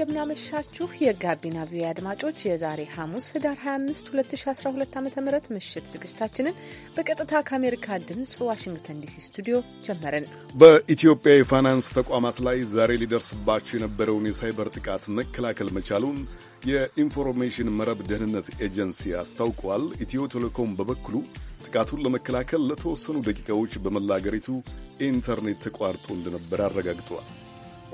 እንደምናመሻችሁ የጋቢና ቪ አድማጮች የዛሬ ሐሙስ ህዳር 25 2012 ዓ ም ምሽት ዝግጅታችንን በቀጥታ ከአሜሪካ ድምፅ ዋሽንግተን ዲሲ ስቱዲዮ ጀመርን። በኢትዮጵያ የፋይናንስ ተቋማት ላይ ዛሬ ሊደርስባቸው የነበረውን የሳይበር ጥቃት መከላከል መቻሉን የኢንፎርሜሽን መረብ ደህንነት ኤጀንሲ አስታውቋል። ኢትዮ ቴሌኮም በበኩሉ ጥቃቱን ለመከላከል ለተወሰኑ ደቂቃዎች በመላ አገሪቱ ኢንተርኔት ተቋርጦ እንደነበር አረጋግጠዋል።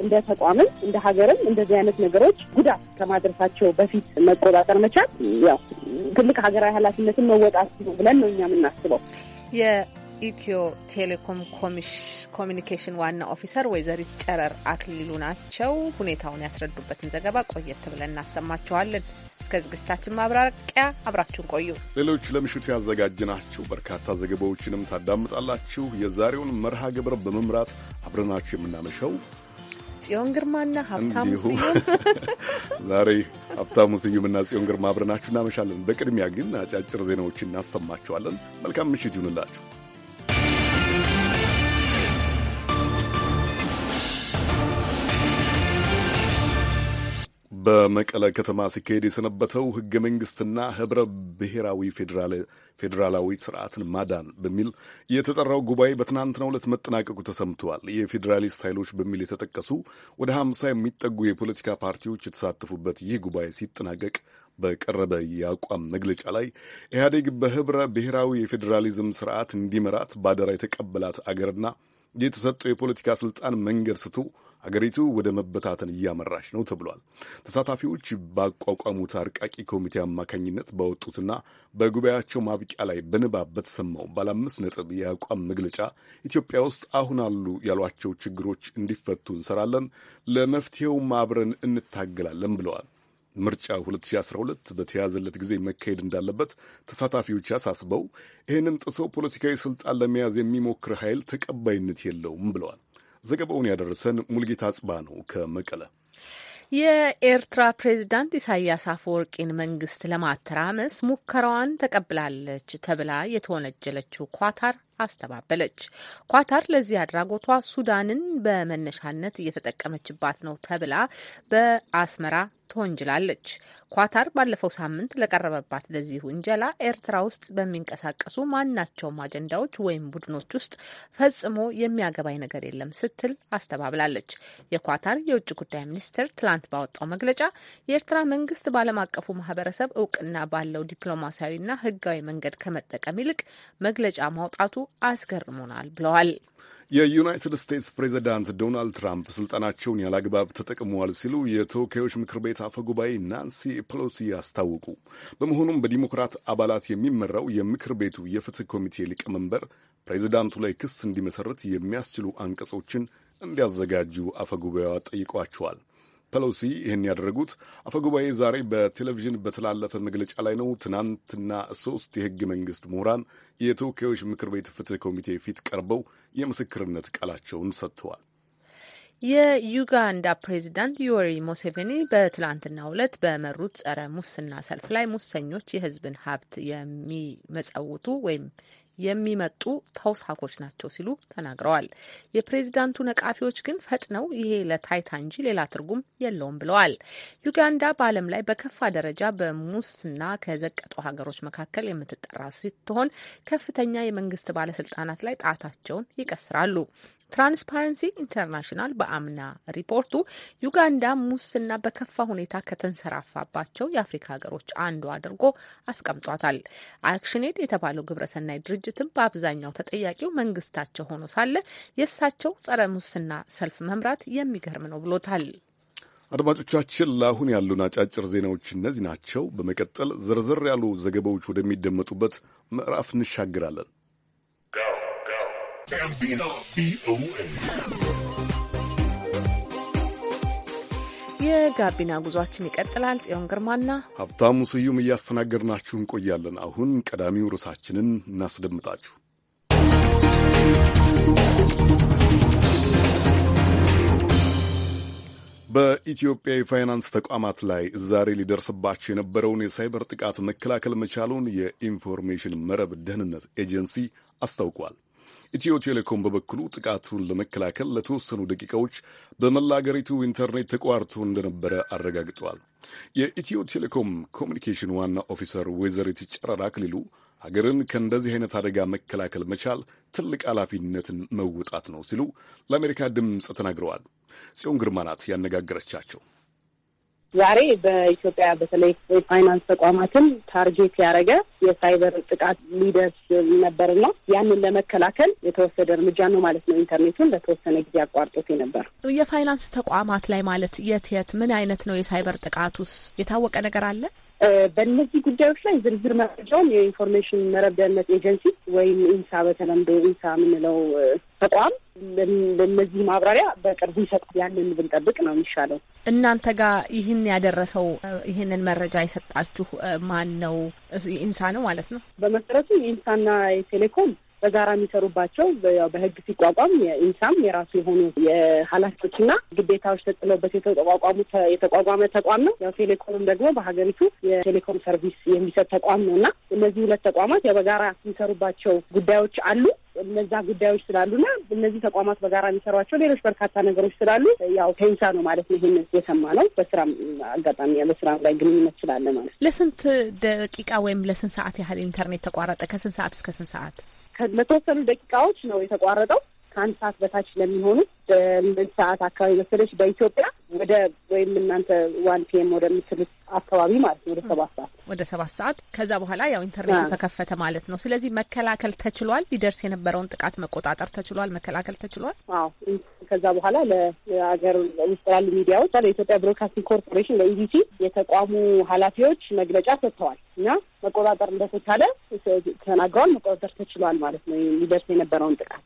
እንደ ተቋምም እንደ ሀገርም እንደዚህ አይነት ነገሮች ጉዳት ከማድረሳቸው በፊት መቆጣጠር መቻል ያው ትልቅ ሀገራዊ ኃላፊነትን መወጣት ነው ብለን ነው እኛ የምናስበው። ኢትዮ ቴሌኮም ኮሚኒኬሽን ዋና ኦፊሰር ወይዘሪት ጨረር አክሊሉ ናቸው። ሁኔታውን ያስረዱበትን ዘገባ ቆየት ብለን እናሰማችኋለን። እስከ ዝግጅታችን ማብራቂያ አብራችሁን ቆዩ። ሌሎች ለምሽቱ ናቸው በርካታ ዘገባዎችንም ታዳምጣላችሁ። የዛሬውን መርሃ ግብር በመምራት አብረናችሁ የምናመሸው ጽዮን ግርማና ሀብታሙ ስዩም። ዛሬ ሀብታሙ ስዩምና ጽዮን ግርማ አብረናችሁ እናመሻለን። በቅድሚያ ግን አጫጭር ዜናዎች እናሰማችኋለን። መልካም ምሽት ይሁንላችሁ። በመቀለ ከተማ ሲካሄድ የሰነበተው ህገ መንግስትና ህብረ ብሔራዊ ፌዴራላዊ ስርዓትን ማዳን በሚል የተጠራው ጉባኤ በትናንትናው ዕለት መጠናቀቁ ተሰምተዋል። የፌዴራሊስት ኃይሎች በሚል የተጠቀሱ ወደ ሀምሳ የሚጠጉ የፖለቲካ ፓርቲዎች የተሳተፉበት ይህ ጉባኤ ሲጠናቀቅ በቀረበ የአቋም መግለጫ ላይ ኢህአዴግ በህብረ ብሔራዊ የፌዴራሊዝም ስርዓት እንዲመራት ባደራ የተቀበላት አገርና የተሰጠው የፖለቲካ ስልጣን መንገድ ስቶ አገሪቱ ወደ መበታተን እያመራች ነው ተብሏል። ተሳታፊዎች ባቋቋሙት አርቃቂ ኮሚቴ አማካኝነት ባወጡትና በጉባኤያቸው ማብቂያ ላይ በንባብ በተሰማው ባለአምስት ነጥብ የአቋም መግለጫ ኢትዮጵያ ውስጥ አሁን አሉ ያሏቸው ችግሮች እንዲፈቱ እንሰራለን፣ ለመፍትሄውም አብረን እንታገላለን ብለዋል። ምርጫ 2012 በተያዘለት ጊዜ መካሄድ እንዳለበት ተሳታፊዎች አሳስበው ይህንን ጥሰው ፖለቲካዊ ስልጣን ለመያዝ የሚሞክር ኃይል ተቀባይነት የለውም ብለዋል። ዘገባውን ያደረሰን ሙልጌታ ጽባ ነው ከመቀለ። የኤርትራ ፕሬዚዳንት ኢሳያስ አፈወርቂን መንግስት ለማተራመስ ሙከራዋን ተቀብላለች ተብላ የተወነጀለችው ኳታር አስተባበለች። ኳታር ለዚህ አድራጎቷ ሱዳንን በመነሻነት እየተጠቀመችባት ነው ተብላ በአስመራ ተወንጅላለች። ኳታር ባለፈው ሳምንት ለቀረበባት ለዚህ ውንጀላ ኤርትራ ውስጥ በሚንቀሳቀሱ ማናቸውም አጀንዳዎች ወይም ቡድኖች ውስጥ ፈጽሞ የሚያገባኝ ነገር የለም ስትል አስተባብላለች። የኳታር የውጭ ጉዳይ ሚኒስቴር ትላንት ባወጣው መግለጫ የኤርትራ መንግስት በዓለም አቀፉ ማህበረሰብ እውቅና ባለው ዲፕሎማሲያዊና ህጋዊ መንገድ ከመጠቀም ይልቅ መግለጫ ማውጣቱ አስገርሞናል ብለዋል። የዩናይትድ ስቴትስ ፕሬዚዳንት ዶናልድ ትራምፕ ስልጣናቸውን ያላግባብ ተጠቅመዋል ሲሉ የተወካዮች ምክር ቤት አፈ ጉባኤ ናንሲ ፔሎሲ አስታወቁ። በመሆኑም በዲሞክራት አባላት የሚመራው የምክር ቤቱ የፍትህ ኮሚቴ ሊቀመንበር ፕሬዚዳንቱ ላይ ክስ እንዲመሰረት የሚያስችሉ አንቀጾችን እንዲያዘጋጁ አፈ ጉባኤዋ ጠይቋቸዋል። ፐሎሲ ይህን ያደረጉት አፈጉባኤ ዛሬ በቴሌቪዥን በተላለፈ መግለጫ ላይ ነው። ትናንትና ሶስት የህገ መንግስት ምሁራን የተወካዮች ምክር ቤት ፍትህ ኮሚቴ ፊት ቀርበው የምስክርነት ቃላቸውን ሰጥተዋል። የዩጋንዳ ፕሬዚዳንት ዮሪ ሙሴቬኒ በትላንትናው ዕለት በመሩት ጸረ ሙስና ሰልፍ ላይ ሙሰኞች የህዝብን ሀብት የሚመጸውቱ ወይም የሚመጡ ተውሳኮች ናቸው ሲሉ ተናግረዋል። የፕሬዚዳንቱ ነቃፊዎች ግን ፈጥነው ይሄ ለታይታ እንጂ ሌላ ትርጉም የለውም ብለዋል። ዩጋንዳ በዓለም ላይ በከፋ ደረጃ በሙስና ከዘቀጡ ሀገሮች መካከል የምትጠራ ስትሆን ከፍተኛ የመንግስት ባለስልጣናት ላይ ጣታቸውን ይቀስራሉ። ትራንስፓረንሲ ኢንተርናሽናል በአምና ሪፖርቱ ዩጋንዳ ሙስና በከፋ ሁኔታ ከተንሰራፋባቸው የአፍሪካ ሀገሮች አንዱ አድርጎ አስቀምጧታል። አክሽኔድ የተባለው ግብረሰናይ ድርጅትም በአብዛኛው ተጠያቂው መንግስታቸው ሆኖ ሳለ የእሳቸው ጸረ ሙስና ሰልፍ መምራት የሚገርም ነው ብሎታል። አድማጮቻችን ለአሁን ያሉን አጫጭር ዜናዎች እነዚህ ናቸው። በመቀጠል ዝርዝር ያሉ ዘገባዎች ወደሚደመጡበት ምዕራፍ እንሻግራለን። የጋቢና ጉዟችን ይቀጥላል። ጽዮን ግርማና ሀብታሙ ስዩም እያስተናገድናችሁ እንቆያለን። አሁን ቀዳሚው ርዕሳችንን እናስደምጣችሁ። በኢትዮጵያ የፋይናንስ ተቋማት ላይ ዛሬ ሊደርስባቸው የነበረውን የሳይበር ጥቃት መከላከል መቻሉን የኢንፎርሜሽን መረብ ደህንነት ኤጀንሲ አስታውቋል። ኢትዮ ቴሌኮም በበኩሉ ጥቃቱን ለመከላከል ለተወሰኑ ደቂቃዎች በመላ አገሪቱ ኢንተርኔት ተቋርቶ እንደነበረ አረጋግጠዋል። የኢትዮ ቴሌኮም ኮሚኒኬሽን ዋና ኦፊሰር ወይዘሪት ጨረራ አክሊሉ አገርን ከእንደዚህ አይነት አደጋ መከላከል መቻል ትልቅ ኃላፊነትን መውጣት ነው ሲሉ ለአሜሪካ ድምፅ ተናግረዋል። ጽዮን ግርማ ናት ያነጋገረቻቸው። ዛሬ በኢትዮጵያ በተለይ የፋይናንስ ተቋማትን ታርጌት ያደረገ የሳይበር ጥቃት ሊደርስ ነበርና ያንን ለመከላከል የተወሰደ እርምጃ ነው ማለት ነው። ኢንተርኔቱን ለተወሰነ ጊዜ አቋርጦት ነበር። የፋይናንስ ተቋማት ላይ ማለት የት የት ምን አይነት ነው የሳይበር ጥቃቱስ? የታወቀ ነገር አለ? በእነዚህ ጉዳዮች ላይ ዝርዝር መረጃውን የኢንፎርሜሽን መረብ ደህንነት ኤጀንሲ ወይም ኢንሳ በተለምዶ ኢንሳ የምንለው ተቋም ለእነዚህ ማብራሪያ በቅርቡ ይሰጣል። ያንን ብንጠብቅ ነው የሚሻለው። እናንተ ጋር ይህን ያደረሰው ይህንን መረጃ የሰጣችሁ ማን ነው? ኢንሳ ነው ማለት ነው። በመሰረቱ የኢንሳና የቴሌኮም በጋራ የሚሰሩባቸው በህግ ሲቋቋም የኢንሳም የራሱ የሆኑ የኃላፊዎችና ግዴታዎች ተጥለውበት የተቋቋሙ የተቋቋመ ተቋም ነው። ያው ቴሌኮምም ደግሞ በሀገሪቱ የቴሌኮም ሰርቪስ የሚሰጥ ተቋም ነው እና እነዚህ ሁለት ተቋማት ያው በጋራ የሚሰሩባቸው ጉዳዮች አሉ። እነዛ ጉዳዮች ስላሉና እነዚህ ተቋማት በጋራ የሚሰሯቸው ሌሎች በርካታ ነገሮች ስላሉ ያው ቴንሳ ነው ማለት ነው። ይህን የሰማ ነው በስራ አጋጣሚ በስራ ላይ ግንኙነት ስላለ ማለት ለስንት ደቂቃ ወይም ለስንት ሰዓት ያህል ኢንተርኔት ተቋረጠ? ከስንት ሰዓት እስከ ስንት ሰዓት? ለተወሰኑ ደቂቃዎች ነው የተቋረጠው ከአንድ ሰዓት በታች ለሚሆኑት አንድ ሰዓት አካባቢ መሰለች በኢትዮጵያ ወደ ወይም እናንተ ዋን ፒኤም ወደምትሉት አካባቢ ማለት ነው ወደ ሰባት ሰዓት ወደ ሰባት ሰዓት ከዛ በኋላ ያው ኢንተርኔቱ ተከፈተ ማለት ነው። ስለዚህ መከላከል ተችሏል። ሊደርስ የነበረውን ጥቃት መቆጣጠር ተችሏል፣ መከላከል ተችሏል። አዎ ከዛ በኋላ ለሀገር ውስጥ ላሉ ሚዲያዎች ለኢትዮጵያ ብሮድካስቲንግ ኮርፖሬሽን ለኢቢሲ የተቋሙ ኃላፊዎች መግለጫ ሰጥተዋል እና መቆጣጠር እንደተቻለ ተናግረዋል። መቆጣጠር ተችሏል ማለት ነው ሊደርስ የነበረውን ጥቃት።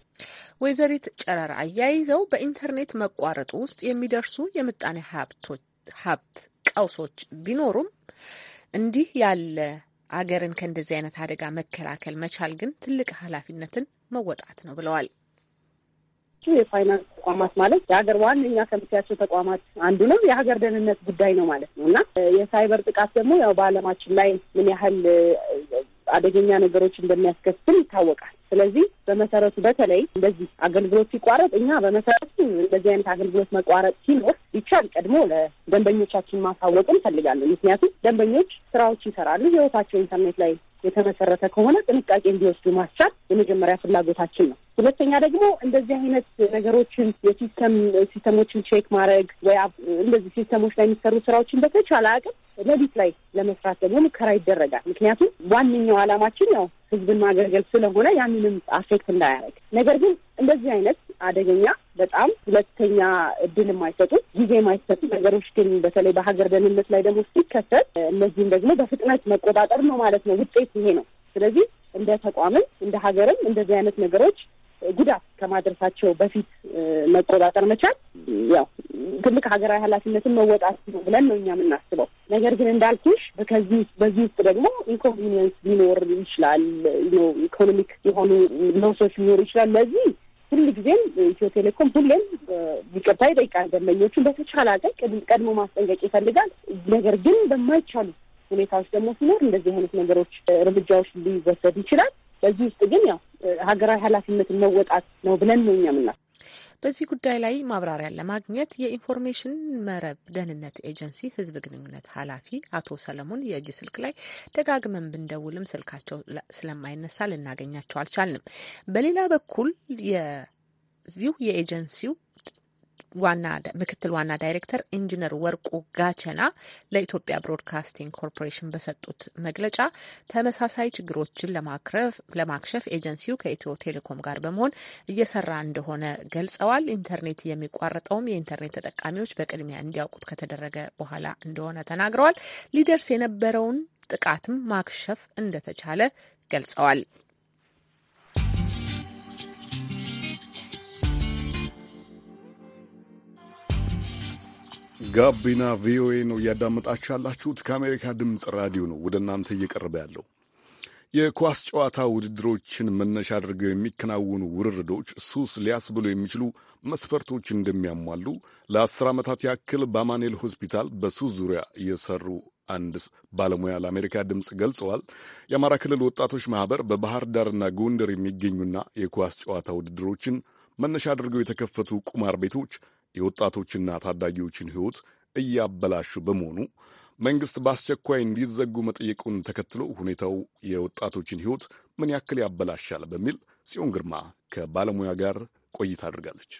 ወይዘሪት ጨረር አያይዘው በኢንተርኔት መቋረጡ ውስጥ የሚደርሱ የምጣኔ ሀብት ቀውሶች ቢኖሩም እንዲህ ያለ አገርን ከእንደዚህ አይነት አደጋ መከላከል መቻል ግን ትልቅ ኃላፊነትን መወጣት ነው ብለዋል። የፋይናንስ ተቋማት ማለት የሀገር ዋነኛ ከምትያቸው ተቋማት አንዱ ነው። የሀገር ደህንነት ጉዳይ ነው ማለት ነው እና የሳይበር ጥቃት ደግሞ ያው በዓለማችን ላይ ምን ያህል አደገኛ ነገሮች እንደሚያስከትል ይታወቃል። ስለዚህ በመሰረቱ በተለይ እንደዚህ አገልግሎት ሲቋረጥ እኛ በመሰረቱ እንደዚህ አይነት አገልግሎት መቋረጥ ሲኖር ቢቻል ቀድሞ ለደንበኞቻችን ማሳወቅ እንፈልጋለን። ምክንያቱም ደንበኞች ስራዎች ይሰራሉ፣ ህይወታቸው ኢንተርኔት ላይ የተመሰረተ ከሆነ ጥንቃቄ እንዲወስዱ ማስቻል የመጀመሪያ ፍላጎታችን ነው። ሁለተኛ ደግሞ እንደዚህ አይነት ነገሮችን የሲስተም ሲስተሞችን ቼክ ማድረግ ወይ እንደዚህ ሲስተሞች ላይ የሚሰሩ ስራዎችን በተቻለ አቅም ሌሊት ላይ ለመስራት ደግሞ ሙከራ ይደረጋል። ምክንያቱም ዋነኛው ዓላማችን ያው ህዝብን ማገልገል ስለሆነ ያንንም አፌክት እንዳያደርግ። ነገር ግን እንደዚህ አይነት አደገኛ በጣም ሁለተኛ እድል የማይሰጡ ጊዜ የማይሰጡ ነገሮች ግን በተለይ በሀገር ደህንነት ላይ ደግሞ ሲከሰት እነዚህም ደግሞ በፍጥነት መቆጣጠር ነው ማለት ነው። ውጤት ይሄ ነው። ስለዚህ እንደ ተቋምም እንደ ሀገርም እንደዚህ አይነት ነገሮች ጉዳት ከማድረሳቸው በፊት መቆጣጠር መቻል ያው ትልቅ ሀገራዊ ኃላፊነትን መወጣት ነው ብለን ነው እኛ የምናስበው። ነገር ግን እንዳልኩሽ ከዚህ በዚህ ውስጥ ደግሞ ኢንኮንቪኒየንስ ሊኖር ይችላል፣ ኢኮኖሚክ የሆኑ ለውሶች ሊኖሩ ይችላል። ለዚህ ጊዜም ኢትዮ ቴሌኮም ሁሌም ይቅርታ ይጠይቃል፣ ደንበኞቹን በተቻለ አቅም ቀድሞ ማስጠንቀቅ ይፈልጋል። ነገር ግን በማይቻሉ ሁኔታዎች ደግሞ ሲኖር እንደዚህ አይነት ነገሮች እርምጃዎች ሊወሰድ ይችላል። በዚህ ውስጥ ግን ያው ሀገራዊ ኃላፊነትን መወጣት ነው ብለን ነው እኛ ምናስ በዚህ ጉዳይ ላይ ማብራሪያን ለማግኘት የኢንፎርሜሽን መረብ ደህንነት ኤጀንሲ ህዝብ ግንኙነት ኃላፊ አቶ ሰለሞን የእጅ ስልክ ላይ ደጋግመን ብንደውልም ስልካቸው ስለማይነሳ ልናገኛቸው አልቻልንም። በሌላ በኩል የዚሁ የኤጀንሲው ዋና ምክትል ዋና ዳይሬክተር ኢንጂነር ወርቁ ጋቸና ለኢትዮጵያ ብሮድካስቲንግ ኮርፖሬሽን በሰጡት መግለጫ ተመሳሳይ ችግሮችን ለማክሸፍ ኤጀንሲው ከኢትዮ ቴሌኮም ጋር በመሆን እየሰራ እንደሆነ ገልጸዋል። ኢንተርኔት የሚቋረጠውም የኢንተርኔት ተጠቃሚዎች በቅድሚያ እንዲያውቁት ከተደረገ በኋላ እንደሆነ ተናግረዋል። ሊደርስ የነበረውን ጥቃትም ማክሸፍ እንደተቻለ ገልጸዋል። ጋቢና ቪኦኤ ነው እያዳመጣችሁ ያላችሁት። ከአሜሪካ ድምፅ ራዲዮ ነው ወደ እናንተ እየቀረበ ያለው። የኳስ ጨዋታ ውድድሮችን መነሻ አድርገው የሚከናወኑ ውርርዶች ሱስ ሊያስብሉ የሚችሉ መስፈርቶች እንደሚያሟሉ ለአስር ዓመታት ያክል በአማኑኤል ሆስፒታል በሱስ ዙሪያ የሰሩ አንድ ባለሙያ ለአሜሪካ ድምፅ ገልጸዋል። የአማራ ክልል ወጣቶች ማኅበር በባህር ዳርና ጎንደር የሚገኙና የኳስ ጨዋታ ውድድሮችን መነሻ አድርገው የተከፈቱ ቁማር ቤቶች የወጣቶችና ታዳጊዎችን ሕይወት እያበላሹ በመሆኑ መንግሥት በአስቸኳይ እንዲዘጉ መጠየቁን ተከትሎ ሁኔታው የወጣቶችን ሕይወት ምን ያክል ያበላሻል በሚል ጽዮን ግርማ ከባለሙያ ጋር ቆይታ አድርጋለች።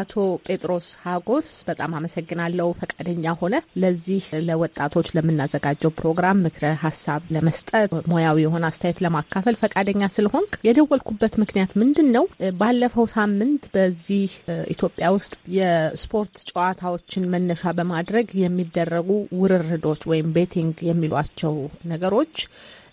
አቶ ጴጥሮስ ሀጎስ በጣም አመሰግናለሁ ፈቃደኛ ሆነ ለዚህ ለወጣቶች ለምናዘጋጀው ፕሮግራም ምክረ ሀሳብ ለመስጠት ሙያዊ የሆነ አስተያየት ለማካፈል ፈቃደኛ ስለሆንክ። የደወልኩበት ምክንያት ምንድን ነው? ባለፈው ሳምንት በዚህ ኢትዮጵያ ውስጥ የስፖርት ጨዋታዎችን መነሻ በማድረግ የሚደረጉ ውርርዶች ወይም ቤቲንግ የሚሏቸው ነገሮች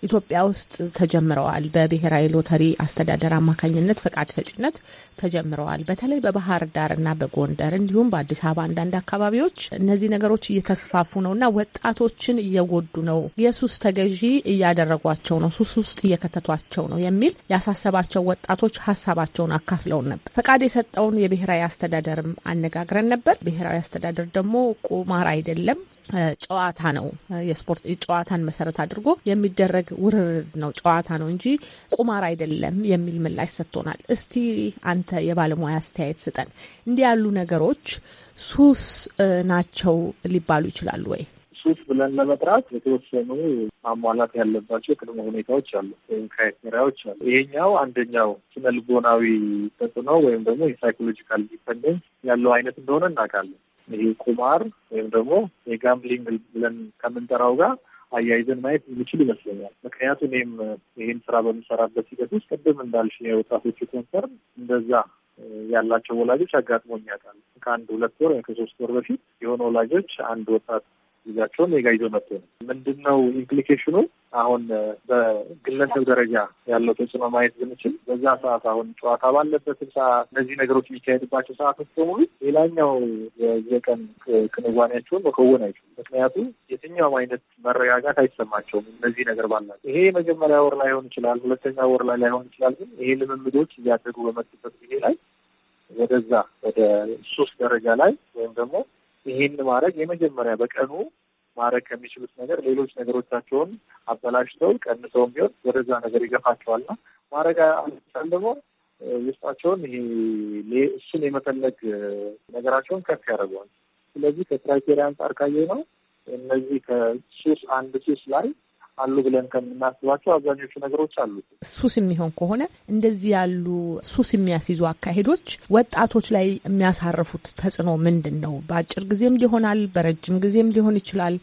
ኢትዮጵያ ውስጥ ተጀምረዋል። በብሔራዊ ሎተሪ አስተዳደር አማካኝነት ፈቃድ ሰጭነት ተጀምረዋል። በተለይ በባህር ዳርና በጎንደር እንዲሁም በአዲስ አበባ አንዳንድ አካባቢዎች እነዚህ ነገሮች እየተስፋፉ ነውና ወጣቶችን እየጎዱ ነው፣ የሱስ ተገዢ እያደረጓቸው ነው፣ ሱስ ውስጥ እየከተቷቸው ነው የሚል ያሳሰባቸው ወጣቶች ሀሳባቸውን አካፍለውን ነበር። ፈቃድ የሰጠውን የብሔራዊ አስተዳደርም አነጋግረን ነበር። ብሔራዊ አስተዳደር ደግሞ ቁማር አይደለም ጨዋታ ነው፣ የስፖርት ጨዋታን መሰረት አድርጎ የሚደረግ ውርርድ ነው፣ ጨዋታ ነው እንጂ ቁማር አይደለም የሚል ምላሽ ሰጥቶናል። እስቲ አንተ የባለሙያ አስተያየት ስጠን። እንዲህ ያሉ ነገሮች ሱስ ናቸው ሊባሉ ይችላሉ ወይ? ሱስ ብለን ለመጥራት የተወሰኑ ማሟላት ያለባቸው ቅድመ ሁኔታዎች አሉ ወይም ክራይቴሪያዎች አሉ። ይሄኛው አንደኛው ስነልቦናዊ ተጽዕኖ ወይም ደግሞ የሳይኮሎጂካል ዲፐንደንስ ያለው አይነት እንደሆነ እናውቃለን። ይሄ ቁማር ወይም ደግሞ የጋምብሊንግ ብለን ከምንጠራው ጋር አያይዘን ማየት የሚችል ይመስለኛል። ምክንያቱም እኔም ይህን ስራ በምሰራበት ሂደት ውስጥ ቅድም እንዳልሽ የወጣቶቹ ኮንሰርን እንደዛ ያላቸው ወላጆች አጋጥሞኛል። ከአንድ ሁለት ወር ወይም ከሶስት ወር በፊት የሆነ ወላጆች አንድ ወጣት ልጃቸውን ኔጋ ይዞ መጥቶ ነው። ምንድን ነው ኢምፕሊኬሽኑ? አሁን በግለሰብ ደረጃ ያለው ተጽዕኖ ማየት ብንችል በዛ ሰዓት አሁን ጨዋታ ባለበትም ሰዓት እነዚህ ነገሮች የሚካሄድባቸው ሰዓቶች በሙሉ ሌላኛው የቀን ክንዋኔያቸውን መከወን አይችሉም። ምክንያቱም የትኛውም አይነት መረጋጋት አይሰማቸውም። እነዚህ ነገር ባላቸው ይሄ መጀመሪያ ወር ላይሆን ይችላል፣ ሁለተኛ ወር ላይ ላይሆን ይችላል። ግን ይሄ ልምምዶች እያደጉ በመጡበት ጊዜ ላይ ወደዛ ወደ ሶስት ደረጃ ላይ ወይም ደግሞ ይሄን ማድረግ የመጀመሪያ በቀኑ ማድረግ ከሚችሉት ነገር ሌሎች ነገሮቻቸውን አበላሽተው ቀንሰው ቢሆን ወደዛ ነገር ይገፋቸዋልና ማድረግ አልቻል ደግሞ ውስጣቸውን ይሄ እሱን የመፈለግ ነገራቸውን ከፍ ያደርገዋል። ስለዚህ ከክራይቴሪያ አንጻር ካየ ነው እነዚህ ከሱስ አንድ ሱስ ላይ አሉ ብለን ከምናስባቸው አብዛኞቹ ነገሮች አሉ። ሱስ የሚሆን ከሆነ እንደዚህ ያሉ ሱስ የሚያስይዙ አካሄዶች ወጣቶች ላይ የሚያሳርፉት ተጽዕኖ ምንድን ነው? በአጭር ጊዜም ሊሆናል፣ በረጅም ጊዜም ሊሆን ይችላል።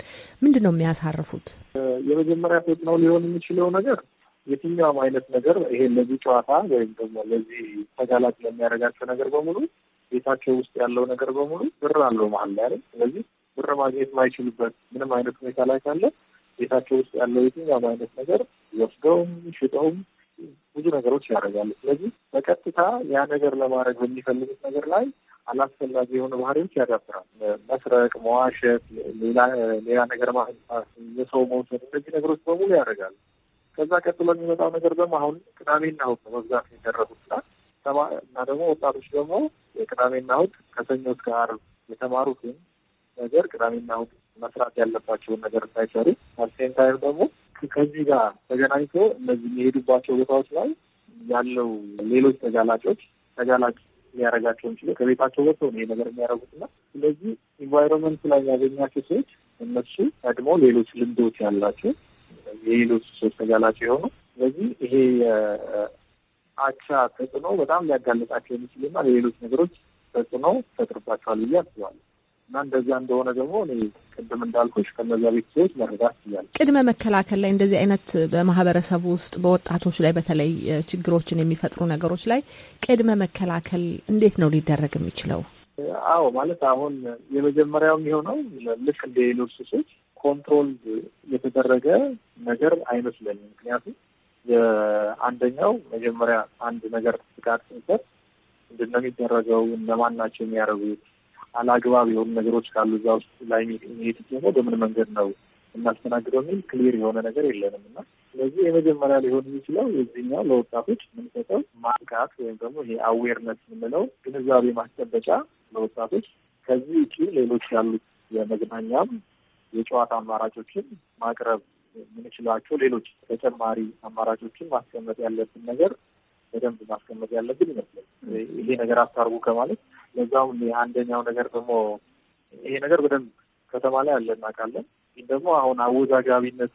ምንድን ነው የሚያሳርፉት? የመጀመሪያ ተጽዕኖ ሊሆን የሚችለው ነገር የትኛውም አይነት ነገር ይሄ ለዚህ ጨዋታ ወይም ደግሞ ለዚህ ተጋላጭ ለሚያደርጋቸው ነገር በሙሉ ቤታቸው ውስጥ ያለው ነገር በሙሉ ብር አለው መሀል ላይ። ስለዚህ ብር ማግኘት ማይችሉበት ምንም አይነት ሁኔታ ላይ ካለ ቤታቸው ውስጥ ያለው የትኛውም አይነት ነገር ወስደውም ሽጠውም ብዙ ነገሮች ያደርጋሉ። ስለዚህ በቀጥታ ያ ነገር ለማድረግ በሚፈልጉት ነገር ላይ አላስፈላጊ የሆኑ ባህሪዎች ያዳብራል። መስረቅ፣ መዋሸት፣ ሌላ ሌላ ነገር ማስ የሰው መውሰድ፣ እነዚህ ነገሮች በሙሉ ያደርጋሉ። ከዛ ቀጥሎ የሚመጣው ነገር ደግሞ አሁን ቅዳሜና እሑድ በብዛት የሚደረጉት እና ደግሞ ወጣቶች ደግሞ የቅዳሜና እሑድ ከሰኞ እስከ ዓርብ የተማሩትን ነገር ቅዳሜና እሑድ መስራት ያለባቸውን ነገር እንዳይሰሩ አሴም ታይም ደግሞ ከዚህ ጋር ተገናኝቶ እነዚህ የሚሄዱባቸው ቦታዎች ላይ ያለው ሌሎች ተጋላጮች ተጋላጭ ሊያደርጋቸው የሚችለው ከቤታቸው ወጥቶ ነው ይሄ ነገር የሚያደርጉት እና ስለዚህ ኢንቫይሮንመንት ላይ ያገኛቸው ሰዎች እነሱ ቀድሞ ሌሎች ልምዶች ያላቸው የሌሎች ሰዎች ተጋላጭ የሆኑ ስለዚህ ይሄ አቻ ተጽዕኖ በጣም የሚችል የሚችልና ሌሎች ነገሮች ተጽዕኖ ይፈጥርባቸዋል ብዬ አስባለሁ። እና እንደዚያ እንደሆነ ደግሞ እኔ ቅድም እንዳልኩሽ ከነዚያ ቤተሰቦች መረዳት ይችላል። ቅድመ መከላከል ላይ እንደዚህ አይነት በማህበረሰቡ ውስጥ በወጣቶች ላይ በተለይ ችግሮችን የሚፈጥሩ ነገሮች ላይ ቅድመ መከላከል እንዴት ነው ሊደረግ የሚችለው? አዎ ማለት አሁን የመጀመሪያው የሚሆነው ልክ እንደ ሌሎች ሱሶች ኮንትሮል የተደረገ ነገር አይመስለንም። ምክንያቱም የአንደኛው መጀመሪያ አንድ ነገር ጥቃት ስንሰጥ ምንድነው የሚደረገው? እነማን ናቸው የሚያደርጉት? አላግባብ የሆኑ ነገሮች ካሉ እዛ ውስጥ ላይ ሚሄድ ደግሞ በምን መንገድ ነው እናስተናግደው የሚል ክሊር የሆነ ነገር የለንም እና ስለዚህ የመጀመሪያ ሊሆን የሚችለው የዚህኛው ለወጣቶች የምንሰጠው ማንቃት ወይም ደግሞ ይሄ አዌርነስ የምንለው ግንዛቤ ማስጨበጫ ለወጣቶች ከዚህ ውጭ ሌሎች ያሉት የመዝናኛም የጨዋታ አማራጮችን ማቅረብ የምንችላቸው ሌሎች ተጨማሪ አማራጮችን ማስቀመጥ ያለብን ነገር በደንብ ማስቀመጥ ያለብን ይመስላል። ይሄ ነገር አታርጉ ከማለት ለዛውም የአንደኛው ነገር ደግሞ ይሄ ነገር በደንብ ከተማ ላይ አለ እናውቃለን። ግን ደግሞ አሁን አወዛጋቢነቱ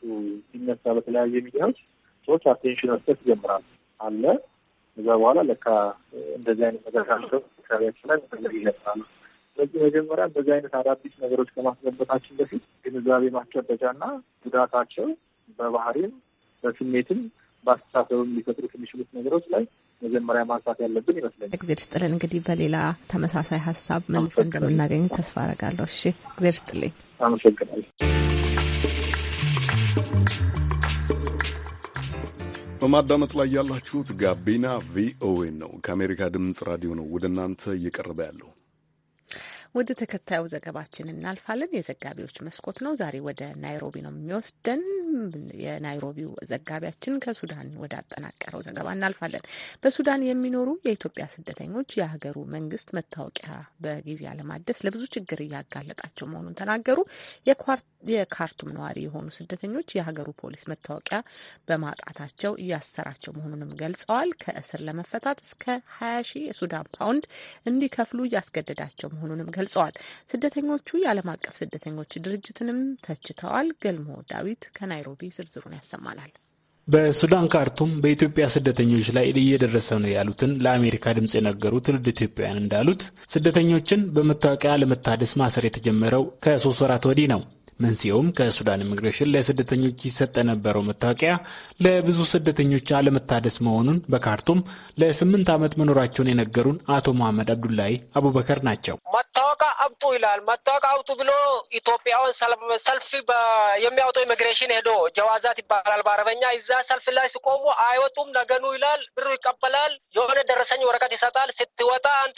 ሲነሳ በተለያየ ሚዲያዎች ሰዎች አቴንሽን መስጠት ይጀምራል አለ እዛ በኋላ ለካ እንደዚህ አይነት ነገር ካለው ሰቢያችን ላይ ነገር ይለጣሉ። ስለዚህ መጀመሪያ እንደዚህ አይነት አዳዲስ ነገሮች ከማስገበታችን በፊት ግንዛቤ ማስጨበጫ ማስጨበጫና ጉዳታቸው በባህሪም በስሜትም በአስተሳሰብም ሊፈጥሩት የሚችሉት ነገሮች ላይ መጀመሪያ ማንሳት ያለብን ይመስለኛል። እግዜር ስጥልን። እንግዲህ በሌላ ተመሳሳይ ሀሳብ መልስ እንደምናገኝ ተስፋ አረጋለሁ። እሺ፣ እግዜር ስጥልኝ። አመሰግናለሁ። በማዳመጥ ላይ ያላችሁት ጋቢና ቪኦኤ ነው። ከአሜሪካ ድምፅ ራዲዮ ነው ወደ እናንተ እየቀረበ ያለው። ወደ ተከታዩ ዘገባችን እናልፋለን። የዘጋቢዎች መስኮት ነው። ዛሬ ወደ ናይሮቢ ነው የሚወስደን። የናይሮቢው ዘጋቢያችን ከሱዳን ወደ አጠናቀረው ዘገባ እናልፋለን። በሱዳን የሚኖሩ የኢትዮጵያ ስደተኞች የሀገሩ መንግስት መታወቂያ በጊዜ አለማደስ ለብዙ ችግር እያጋለጣቸው መሆኑን ተናገሩ። የካርቱም ነዋሪ የሆኑ ስደተኞች የሀገሩ ፖሊስ መታወቂያ በማጣታቸው እያሰራቸው መሆኑንም ገልጸዋል። ከእስር ለመፈታት እስከ ሀያ ሺህ የሱዳን ፓውንድ እንዲከፍሉ እያስገደዳቸው መሆኑንም ገልጸዋል። ስደተኞቹ የዓለም አቀፍ ስደተኞች ድርጅትንም ተችተዋል። ገልሞ ዳዊት ከናይሮቢ ከናይሮቢ ዝርዝሩን ያሰማናል። በሱዳን ካርቱም በኢትዮጵያ ስደተኞች ላይ እየደረሰ ነው ያሉትን ለአሜሪካ ድምፅ የነገሩ ትውልድ ኢትዮጵያውያን እንዳሉት ስደተኞችን በመታወቂያ ለመታደስ ማሰር የተጀመረው ከሶስት ወራት ወዲህ ነው። መንስኤውም ከሱዳን ኢሚግሬሽን ለስደተኞች ይሰጥ የነበረው መታወቂያ ለብዙ ስደተኞች አለመታደስ መሆኑን በካርቱም ለስምንት ዓመት መኖራቸውን የነገሩን አቶ መሐመድ አብዱላይ አቡበከር ናቸው። መታወቂያ አብጡ ይላል። መታወቂያ አብጡ ብሎ ኢትዮጵያውን ሰልፍ የሚያወጡ ኢሚግሬሽን ሄዶ ጀዋዛት ይባላል በአረበኛ። እዛ ሰልፍ ላይ ሲቆሙ አይወጡም ነገኑ ይላል። ብሩ ይቀበላል። የሆነ ደረሰኝ ወረቀት ይሰጣል። ስትወጣ አንተ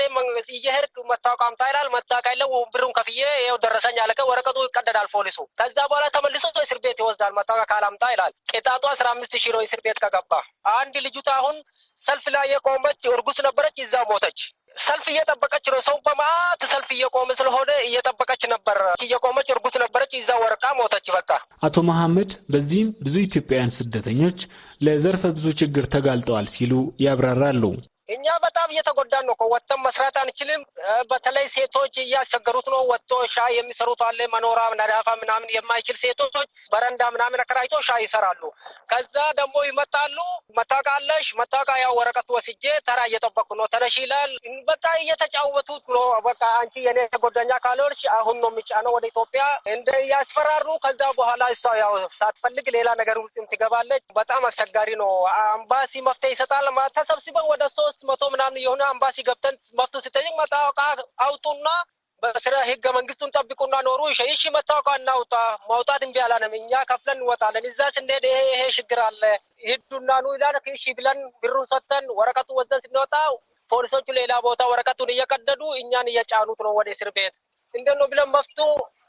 እየሄድክ መታወቂያ አምጣ ይላል። መታወቂያ የለው ብሩን ከፍዬ ይኸው ደረሰኝ አለቀ። ወረቀቱ ይቀደዳል ፎ ፖሊሱ። ከዛ በኋላ ተመልሶ እስር ቤት ይወስዳል። መታወቂያ ካላምጣ ይላል። ቅጣቱ አስራ አምስት ሺህ ነው እስር ቤት ከገባ። አንድ ልጅቷ አሁን ሰልፍ ላይ የቆመች እርጉዝ ነበረች፣ ይዛው ሞተች። ሰልፍ እየጠበቀች ነው። ሰው በማት ሰልፍ እየቆመ ስለሆነ እየጠበቀች ነበር። እየቆመች እርጉዝ ነበረች፣ ይዛ ወርቃ ሞተች። በቃ አቶ መሐመድ በዚህም ብዙ ኢትዮጵያውያን ስደተኞች ለዘርፈ ብዙ ችግር ተጋልጠዋል ሲሉ ያብራራሉ። እኛ በጣም እየተጎዳን ነው። ወጥተን መስራት አንችልም። በተለይ ሴቶች እያስቸገሩት ነው። ወጥቶ ሻይ የሚሰሩት አለ መኖራ ነዳፋ ምናምን የማይችል ሴቶች በረንዳ ምናምን አከራይቶ ሻይ ይሰራሉ። ከዛ ደግሞ ይመጣሉ። መታቃለሽ መታቃ ያው ወረቀት ወስጄ ተራ እየጠበቅኩ ነው ተነሽ ይላል። በቃ እየተጫወቱት ነው። በቃ አንቺ የኔ ተጎዳኛ ካልሆንሽ አሁን ነው የሚጫነው ወደ ኢትዮጵያ እንደ እያስፈራሩ። ከዛ በኋላ እሷ ያው ሳትፈልግ ሌላ ነገር ውስጥ ትገባለች። በጣም አስቸጋሪ ነው። አምባሲ መፍትሄ ይሰጣል። ተሰብስበን ወደ ሶስት ሶስት መቶ ምናምን የሆነ አምባሲ ገብተን መፍቱ ሲጠይቅ መታወቃ አውጡና በስራ ህገ መንግስቱን ጠብቁና ኖሩ። እሺ መታወቃ እናውጣ። ማውጣት እንቢ አላንም። እኛ ከፍለን እንወጣለን። እዛ ስንሄድ ይሄ ይሄ ችግር አለ ሂዱና ኑ ይላል። እሺ ብለን ብሩን ሰጥተን ወረቀቱ ወዘን ስንወጣ ፖሊሶቹ ሌላ ቦታ ወረቀቱን እየቀደዱ እኛን እየጫኑት ነው ወደ እስር ቤት። እንዴት ብለን መፍቱ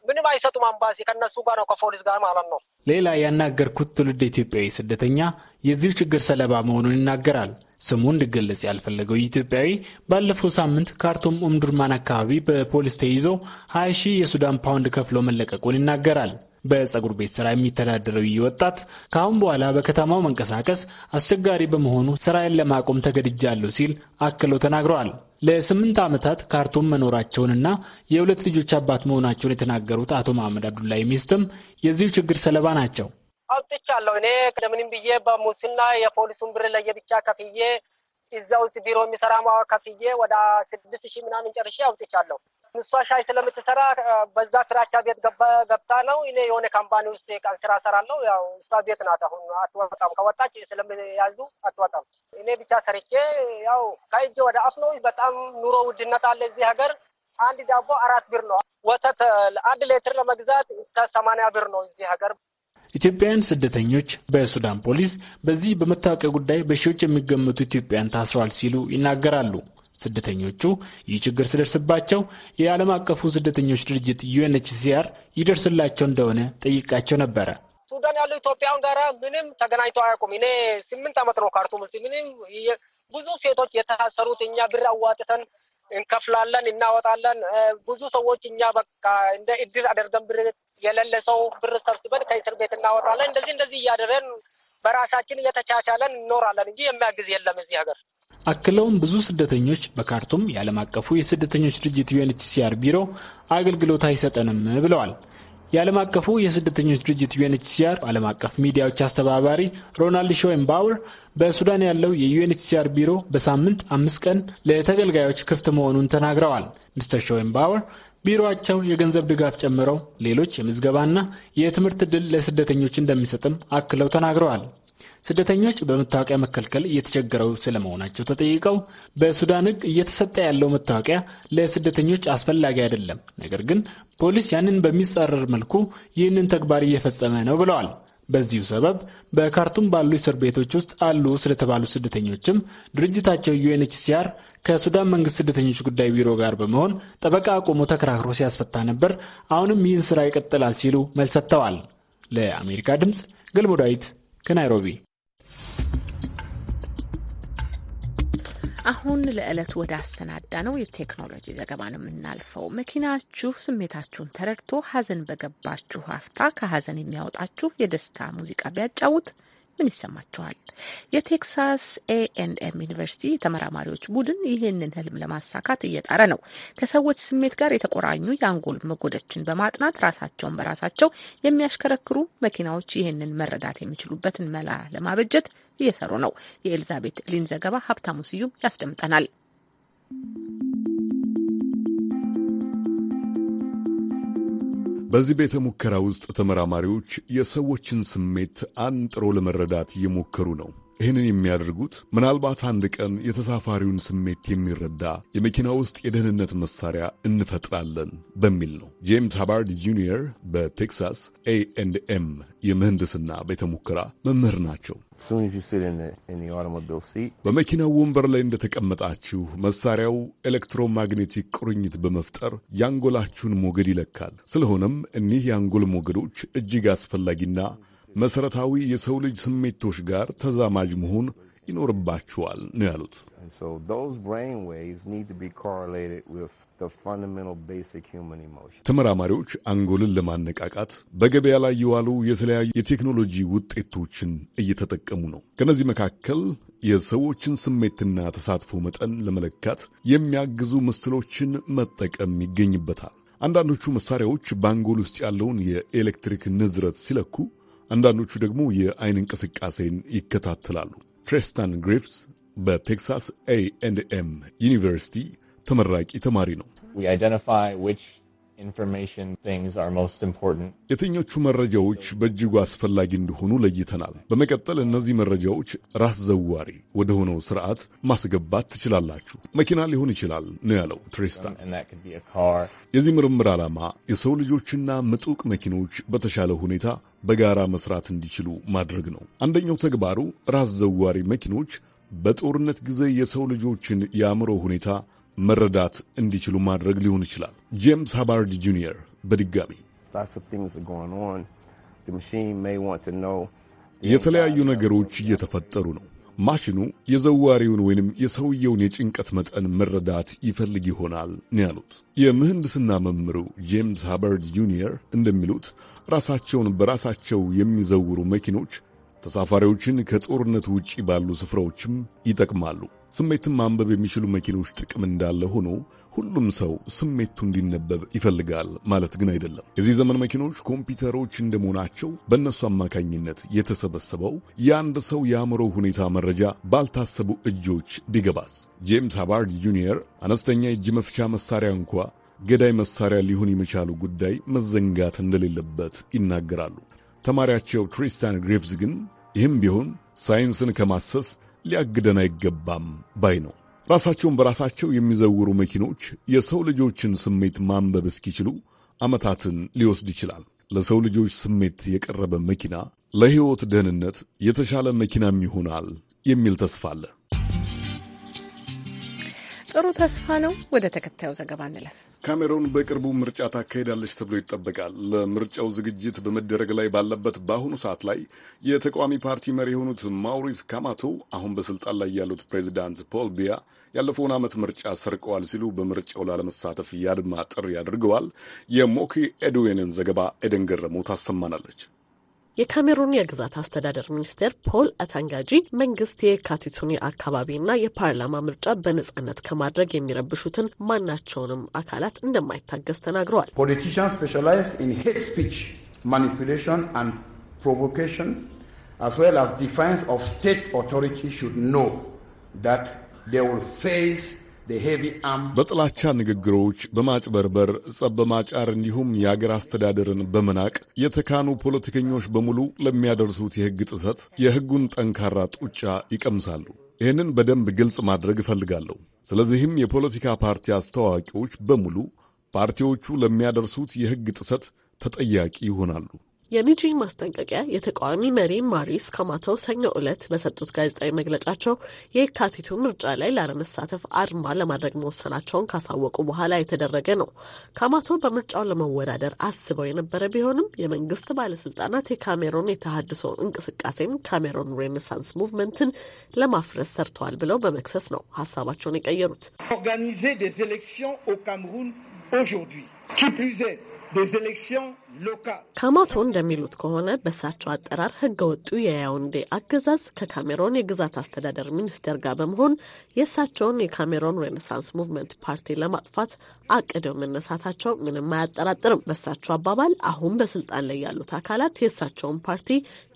ምንም አይሰጡም። አምባሲ ከነሱ ጋር ነው ከፖሊስ ጋር ማለት ነው። ሌላ ያናገርኩት ትውልድ ኢትዮጵያዊ ስደተኛ የዚህ ችግር ሰለባ መሆኑን ይናገራል። ስሙ እንዲገለጽ ያልፈለገው ኢትዮጵያዊ ባለፈው ሳምንት ካርቱም ኡምዱርማን አካባቢ በፖሊስ ተይዞ 20 ሺ የሱዳን ፓውንድ ከፍሎ መለቀቁን ይናገራል። በጸጉር ቤት ስራ የሚተዳደረው ይህ ወጣት ከአሁን በኋላ በከተማው መንቀሳቀስ አስቸጋሪ በመሆኑ ስራዬን ለማቆም ተገድጃለሁ ሲል አክሎ ተናግረዋል። ለስምንት ዓመታት ካርቱም መኖራቸውንና የሁለት ልጆች አባት መሆናቸውን የተናገሩት አቶ መሐመድ አብዱላይ ሚስትም የዚሁ ችግር ሰለባ ናቸው። አውጥቻለሁ። እኔ ለምንም ብዬ በሙስና የፖሊሱን ብር ለየብቻ ከፍዬ እዛ ውስጥ ቢሮ የሚሰራ ማዋ ከፍዬ ወደ ስድስት ሺህ ምናምን ጨርሼ አውጥቻለሁ። እሷ ሻይ ስለምትሰራ በዛ ስራቻ ቤት ገብታ ነው። እኔ የሆነ ካምፓኒ ውስጥ ቀን ስራ ሰራለሁ። ያው እሷ ቤት ናት። አሁን አትወጣም፣ ከወጣች ስለሚያዙ አትወጣም። እኔ ብቻ ሰርቼ ያው ከእጅ ወደ አፍ ነው። በጣም ኑሮ ውድነት አለ እዚህ ሀገር። አንድ ዳቦ አራት ብር ነው። ወተት አንድ ሌትር ለመግዛት እስከ ሰማንያ ብር ነው እዚህ ሀገር። ኢትዮጵያውያን ስደተኞች በሱዳን ፖሊስ በዚህ በመታወቂያ ጉዳይ በሺዎች የሚገመቱ ኢትዮጵያውያን ታስረዋል ሲሉ ይናገራሉ። ስደተኞቹ ይህ ችግር ስደርስባቸው የዓለም አቀፉ ስደተኞች ድርጅት ዩኤንኤችሲአር ይደርስላቸው እንደሆነ ጠይቃቸው ነበረ። ሱዳን ያለው ኢትዮጵያውያን ጋራ ምንም ተገናኝቶ አያውቁም። እኔ ስምንት ዓመት ነው ካርቱም ውስጥ ምንም ብዙ ሴቶች የታሰሩት እኛ ብር አዋጥተን እንከፍላለን እናወጣለን። ብዙ ሰዎች እኛ በቃ እንደ እድር አደርገን ብር የሌለ ሰው ብር ሰብስበን ከእስር ቤት እናወጣለን። እንደዚህ እንደዚህ እያደረን በራሳችን እየተቻቻለን እንኖራለን እንጂ የሚያግዝ የለም እዚህ ሀገር። አክለውም ብዙ ስደተኞች በካርቱም የዓለም አቀፉ የስደተኞች ድርጅት ዩኤንኤችሲአር ቢሮ አገልግሎት አይሰጠንም ብለዋል። የዓለም አቀፉ የስደተኞች ድርጅት ዩኤንኤችሲአር ዓለም አቀፍ ሚዲያዎች አስተባባሪ ሮናልድ ሾዌንባውር በሱዳን ያለው የዩኤንኤችሲአር ቢሮ በሳምንት አምስት ቀን ለተገልጋዮች ክፍት መሆኑን ተናግረዋል። ሚስተር ሾዌንባውር ቢሮአቸው የገንዘብ ድጋፍ ጨምረው ሌሎች የምዝገባና የትምህርት ዕድል ለስደተኞች እንደሚሰጥም አክለው ተናግረዋል። ስደተኞች በመታወቂያ መከልከል እየተቸገረው ስለመሆናቸው ተጠይቀው በሱዳን ሕግ እየተሰጠ ያለው መታወቂያ ለስደተኞች አስፈላጊ አይደለም፣ ነገር ግን ፖሊስ ያንን በሚጻረር መልኩ ይህንን ተግባር እየፈጸመ ነው ብለዋል። በዚሁ ሰበብ በካርቱም ባሉ እስር ቤቶች ውስጥ አሉ ስለተባሉ ስደተኞችም ድርጅታቸው ዩኤንኤችሲአር ከሱዳን መንግስት ስደተኞች ጉዳይ ቢሮ ጋር በመሆን ጠበቃ አቁሞ ተከራክሮ ሲያስፈታ ነበር። አሁንም ይህን ስራ ይቀጥላል ሲሉ መልስ ሰጥተዋል። ለአሜሪካ ድምፅ ገልሞ ዳዊት ከናይሮቢ አሁን ለዕለቱ ወደ አሰናዳ ነው የቴክኖሎጂ ዘገባ ነው የምናልፈው። መኪናችሁ ስሜታችሁን ተረድቶ ሀዘን በገባችሁ ሀፍታ ከሀዘን የሚያወጣችሁ የደስታ ሙዚቃ ቢያጫውት ምን ይሰማችኋል? የቴክሳስ ኤኤንኤም ዩኒቨርሲቲ ተመራማሪዎች ቡድን ይህንን ህልም ለማሳካት እየጣረ ነው። ከሰዎች ስሜት ጋር የተቆራኙ የአንጎል መጎደችን በማጥናት ራሳቸውን በራሳቸው የሚያሽከረክሩ መኪናዎች ይህንን መረዳት የሚችሉበትን መላ ለማበጀት እየሰሩ ነው። የኤልዛቤት ሊን ዘገባ ሀብታሙ ስዩም ያስደምጠናል። በዚህ ቤተ ሙከራ ውስጥ ተመራማሪዎች የሰዎችን ስሜት አንጥሮ ለመረዳት እየሞከሩ ነው። ይህንን የሚያደርጉት ምናልባት አንድ ቀን የተሳፋሪውን ስሜት የሚረዳ የመኪና ውስጥ የደህንነት መሳሪያ እንፈጥራለን በሚል ነው። ጄምስ ሃባርድ ጁኒየር በቴክሳስ ኤ ኤንድ ኤም የምህንድስና ቤተ ሙከራ መምህር ናቸው። በመኪናው ወንበር ላይ እንደተቀመጣችሁ መሳሪያው ኤሌክትሮማግኔቲክ ቁርኝት በመፍጠር የአንጎላችሁን ሞገድ ይለካል። ስለሆነም እኒህ የአንጎል ሞገዶች እጅግ አስፈላጊና መሠረታዊ የሰው ልጅ ስሜቶች ጋር ተዛማጅ መሆን ይኖርባችኋል ነው ያሉት። ተመራማሪዎች አንጎልን ለማነቃቃት በገበያ ላይ የዋሉ የተለያዩ የቴክኖሎጂ ውጤቶችን እየተጠቀሙ ነው። ከነዚህ መካከል የሰዎችን ስሜትና ተሳትፎ መጠን ለመለካት የሚያግዙ ምስሎችን መጠቀም ይገኝበታል። አንዳንዶቹ መሳሪያዎች በአንጎል ውስጥ ያለውን የኤሌክትሪክ ንዝረት ሲለኩ፣ አንዳንዶቹ ደግሞ የአይን እንቅስቃሴን ይከታተላሉ። ፕሬስተን ግሪፍስ በቴክሳስ ኤ ኤንድ ኤም ዩኒቨርሲቲ ተመራቂ ተማሪ ነው። የትኞቹ መረጃዎች በእጅጉ አስፈላጊ እንደሆኑ ለይተናል። በመቀጠል እነዚህ መረጃዎች ራስ ዘዋሪ ወደ ሆነው ስርዓት ማስገባት ትችላላችሁ። መኪና ሊሆን ይችላል ነው ያለው ትሪስታን። የዚህ ምርምር ዓላማ የሰው ልጆችና ምጡቅ መኪኖች በተሻለ ሁኔታ በጋራ መስራት እንዲችሉ ማድረግ ነው። አንደኛው ተግባሩ ራስ ዘዋሪ መኪኖች በጦርነት ጊዜ የሰው ልጆችን የአእምሮ ሁኔታ መረዳት እንዲችሉ ማድረግ ሊሆን ይችላል። ጄምስ ሃባርድ ጁኒየር በድጋሚ የተለያዩ ነገሮች እየተፈጠሩ ነው። ማሽኑ የዘዋሪውን ወይንም የሰውየውን የጭንቀት መጠን መረዳት ይፈልግ ይሆናል ነው ያሉት። የምህንድስና መምህሩ ጄምስ ሃበርድ ጁኒየር እንደሚሉት ራሳቸውን በራሳቸው የሚዘውሩ መኪኖች ተሳፋሪዎችን ከጦርነት ውጪ ባሉ ስፍራዎችም ይጠቅማሉ። ስሜትን ማንበብ የሚችሉ መኪኖች ጥቅም እንዳለ ሆኖ ሁሉም ሰው ስሜቱ እንዲነበብ ይፈልጋል ማለት ግን አይደለም። የዚህ ዘመን መኪኖች ኮምፒውተሮች እንደመሆናቸው በእነሱ አማካኝነት የተሰበሰበው የአንድ ሰው የአእምሮ ሁኔታ መረጃ ባልታሰቡ እጆች ቢገባስ? ጄምስ ሃባርድ ጁኒየር አነስተኛ የእጅ መፍቻ መሳሪያ እንኳ ገዳይ መሳሪያ ሊሆን የመቻሉ ጉዳይ መዘንጋት እንደሌለበት ይናገራሉ። ተማሪያቸው ትሪስታን ግሪቭዝ ግን ይህም ቢሆን ሳይንስን ከማሰስ ሊያግደን አይገባም ባይ ነው። ራሳቸውን በራሳቸው የሚዘውሩ መኪኖች የሰው ልጆችን ስሜት ማንበብ እስኪችሉ ዓመታትን ሊወስድ ይችላል። ለሰው ልጆች ስሜት የቀረበ መኪና ለሕይወት ደህንነት የተሻለ መኪናም ይሆናል የሚል ተስፋ አለ። ጥሩ ተስፋ ነው። ወደ ተከታዩ ዘገባ እንለፍ። ካሜሮን በቅርቡ ምርጫ ታካሄዳለች ተብሎ ይጠበቃል። ለምርጫው ዝግጅት በመደረግ ላይ ባለበት በአሁኑ ሰዓት ላይ የተቃዋሚ ፓርቲ መሪ የሆኑት ማውሪስ ካማቶ አሁን በስልጣን ላይ ያሉት ፕሬዚዳንት ፖል ቢያ ያለፈውን ዓመት ምርጫ ሰርቀዋል ሲሉ በምርጫው ላለመሳተፍ ያድማ ጥሪ አድርገዋል። የሞኪ ኤድዌንን ዘገባ ኤደን ገረመው ታሰማናለች። የካሜሩን የግዛት አስተዳደር ሚኒስቴር ፖል አታንጋጂ መንግስት የካቲቱን አካባቢና የፓርላማ ምርጫ በነጻነት ከማድረግ የሚረብሹትን ማናቸውንም አካላት እንደማይታገስ ተናግረዋል። ፖለቲሽያን ስፔሻላይዝ ኢን ሄት ስፒች ማኒፑሌሽን አንድ ፕሮቮኬሽን as well as defiance of state authority should know that they will face በጥላቻ ንግግሮች፣ በማጭበርበር፣ ጸብ በማጫር እንዲሁም የአገር አስተዳደርን በመናቅ የተካኑ ፖለቲከኞች በሙሉ ለሚያደርሱት የሕግ ጥሰት የሕጉን ጠንካራ ጡጫ ይቀምሳሉ። ይህንን በደንብ ግልጽ ማድረግ እፈልጋለሁ። ስለዚህም የፖለቲካ ፓርቲ አስተዋዋቂዎች በሙሉ ፓርቲዎቹ ለሚያደርሱት የሕግ ጥሰት ተጠያቂ ይሆናሉ። የኒጂ ማስጠንቀቂያ የተቃዋሚ መሪ ማሪስ ካማቶ ሰኞ ዕለት በሰጡት ጋዜጣዊ መግለጫቸው የካቲቱ ምርጫ ላይ ላለመሳተፍ አድማ ለማድረግ መወሰናቸውን ካሳወቁ በኋላ የተደረገ ነው። ካማቶ በምርጫው ለመወዳደር አስበው የነበረ ቢሆንም የመንግስት ባለስልጣናት የካሜሮን የተሃድሶ እንቅስቃሴን ካሜሮን ሬኔሳንስ ሙቭመንትን ለማፍረስ ሰርተዋል ብለው በመክሰስ ነው ሀሳባቸውን የቀየሩት። ኦርጋኒዜ ዴዝ ኤሌክሲዮን ኦ ካምሩን ኦዦርድዊ ኪ ፕሉዝ ኤሌክሲዮን ካማቶ እንደሚሉት ከሆነ በእሳቸው አጠራር ህገወጡ የያውንዴ አገዛዝ ከካሜሮን የግዛት አስተዳደር ሚኒስቴር ጋር በመሆን የእሳቸውን የካሜሮን ሬኔሳንስ ሙቭመንት ፓርቲ ለማጥፋት አቅደው መነሳታቸው ምንም አያጠራጥርም። በእሳቸው አባባል አሁን በስልጣን ላይ ያሉት አካላት የእሳቸውን ፓርቲ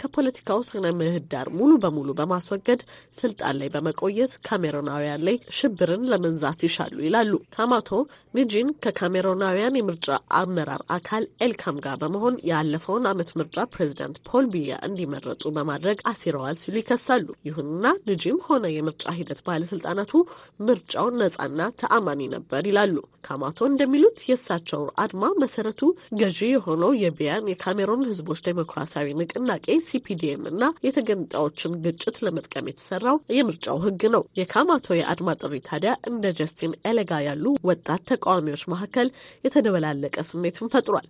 ከፖለቲካው ስነ ምህዳር ሙሉ በሙሉ በማስወገድ ስልጣን ላይ በመቆየት ካሜሮናውያን ላይ ሽብርን ለመንዛት ይሻሉ ይላሉ። ካማቶ ኒጂን ከካሜሮናውያን የምርጫ አመራር አካል ኤልካም ጋር በመሆን ያለፈውን ዓመት ምርጫ ፕሬዚዳንት ፖል ቢያ እንዲመረጡ በማድረግ አሲረዋል ሲሉ ይከሳሉ። ይሁንና ልጅም ሆነ የምርጫ ሂደት ባለስልጣናቱ ምርጫው ነጻና ተአማኒ ነበር ይላሉ። ካማቶ እንደሚሉት የእሳቸው አድማ መሰረቱ ገዢ የሆነው የቢያን የካሜሮን ህዝቦች ዴሞክራሲያዊ ንቅናቄ ሲፒዲኤም እና የተገንጣዮችን ግጭት ለመጥቀም የተሰራው የምርጫው ህግ ነው። የካማቶ የአድማ ጥሪ ታዲያ እንደ ጀስቲን ኤሌጋ ያሉ ወጣት ተቃዋሚዎች መካከል የተደበላለቀ ስሜትን ፈጥሯል።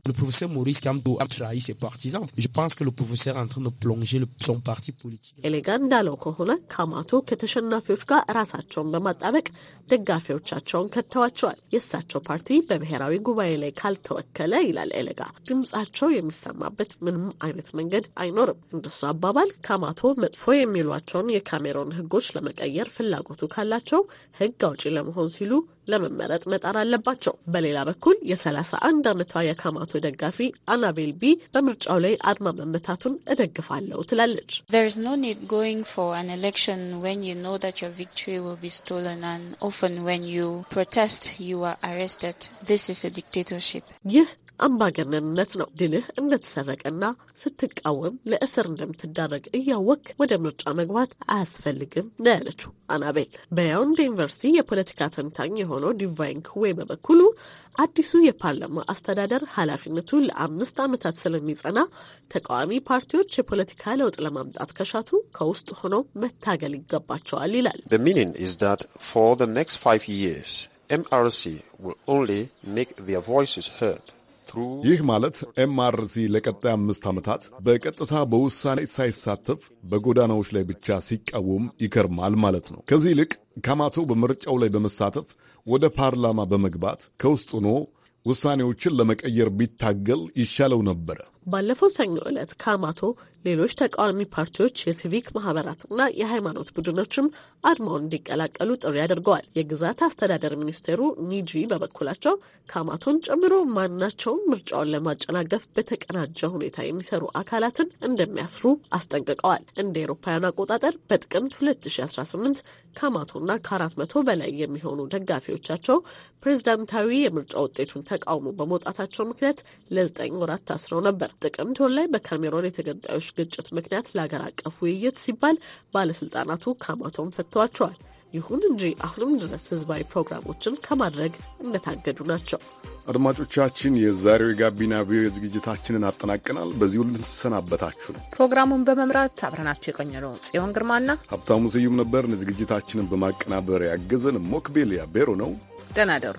au risque de trahir ses partisans. Je pense que le professeur est en train de plonger son parti politique. ኤሌጋ እንዳለው ከሆነ ካማቶ ከተሸናፊዎች ጋር ራሳቸውን በማጣበቅ ደጋፊዎቻቸውን ከተዋቸዋል። የእሳቸው ፓርቲ በብሔራዊ ጉባኤ ላይ ካልተወከለ ይላል ኤሌጋ፣ ድምጻቸው የሚሰማበት ምንም አይነት መንገድ አይኖርም። እንደሱ አባባል ካማቶ መጥፎ የሚሏቸውን የካሜሮን ሕጎች ለመቀየር ፍላጎቱ ካላቸው ሕግ አውጪ ለመሆን ሲሉ ለመመረጥ መጣር አለባቸው። በሌላ በኩል የ31 ዓመቷ የካማቶ ደጋፊ አናቤል ቢ በምርጫው ላይ አድማ መመታቱን እደግፋለሁ ትላለች። ይህ አምባገነንነት ነው። ድልህ እንደተሰረቀና ስትቃወም ለእስር እንደምትዳረግ እያወቅ ወደ ምርጫ መግባት አያስፈልግም ነው ያለችው አናቤል። በያውንዴ ዩኒቨርሲቲ የፖለቲካ ተንታኝ የሆነው ዲቫይን ክዌ በበኩሉ አዲሱ የፓርላማ አስተዳደር ኃላፊነቱ ለአምስት ዓመታት ስለሚጸና ተቃዋሚ ፓርቲዎች የፖለቲካ ለውጥ ለማምጣት ከሻቱ ከውስጥ ሆኖ መታገል ይገባቸዋል ይላል። ኤምአርሲ will only make their voices ይህ ማለት ኤምአርሲ ለቀጣይ አምስት ዓመታት በቀጥታ በውሳኔ ሳይሳተፍ በጎዳናዎች ላይ ብቻ ሲቃወም ይከርማል ማለት ነው። ከዚህ ይልቅ ካማቶ በምርጫው ላይ በመሳተፍ ወደ ፓርላማ በመግባት ከውስጥ ሆኖ ውሳኔዎችን ለመቀየር ቢታገል ይሻለው ነበረ። ባለፈው ሰኞ ዕለት ካማቶ ሌሎች ተቃዋሚ ፓርቲዎች፣ የሲቪክ ማህበራትና የሃይማኖት ቡድኖችም አድማውን እንዲቀላቀሉ ጥሪ አድርገዋል። የግዛት አስተዳደር ሚኒስቴሩ ኒጂ በበኩላቸው ካማቶን ጨምሮ ማናቸውን ምርጫውን ለማጨናገፍ በተቀናጀ ሁኔታ የሚሰሩ አካላትን እንደሚያስሩ አስጠንቅቀዋል። እንደ ኤሮፓውያን አቆጣጠር በጥቅምት 2018 ካማቶና ከአራት መቶ በላይ የሚሆኑ ደጋፊዎቻቸው ፕሬዝዳንታዊ የምርጫ ውጤቱን ተቃውሞ በመውጣታቸው ምክንያት ለዘጠኝ ወራት ታስረው ነበር። ጥቅምት ወር ላይ በካሜሮን የተገዳዮች ግጭት ምክንያት ለሀገር አቀፍ ውይይት ሲባል ባለስልጣናቱ ካማቶን ፈጥተዋቸዋል። ይሁን እንጂ አሁንም ድረስ ህዝባዊ ፕሮግራሞችን ከማድረግ እንደታገዱ ናቸው። አድማጮቻችን፣ የዛሬው የጋቢና ቪዮ ዝግጅታችንን አጠናቀናል። በዚሁ ልንሰናበታችሁ ነው። ፕሮግራሙን በመምራት አብረናችሁ የቆየነው ጽዮን ግርማና ሀብታሙ ስዩም ነበርን። ዝግጅታችንን በማቀናበር ያገዘን ሞክቤል ያቤሮ ነው። ደህና ደሩ።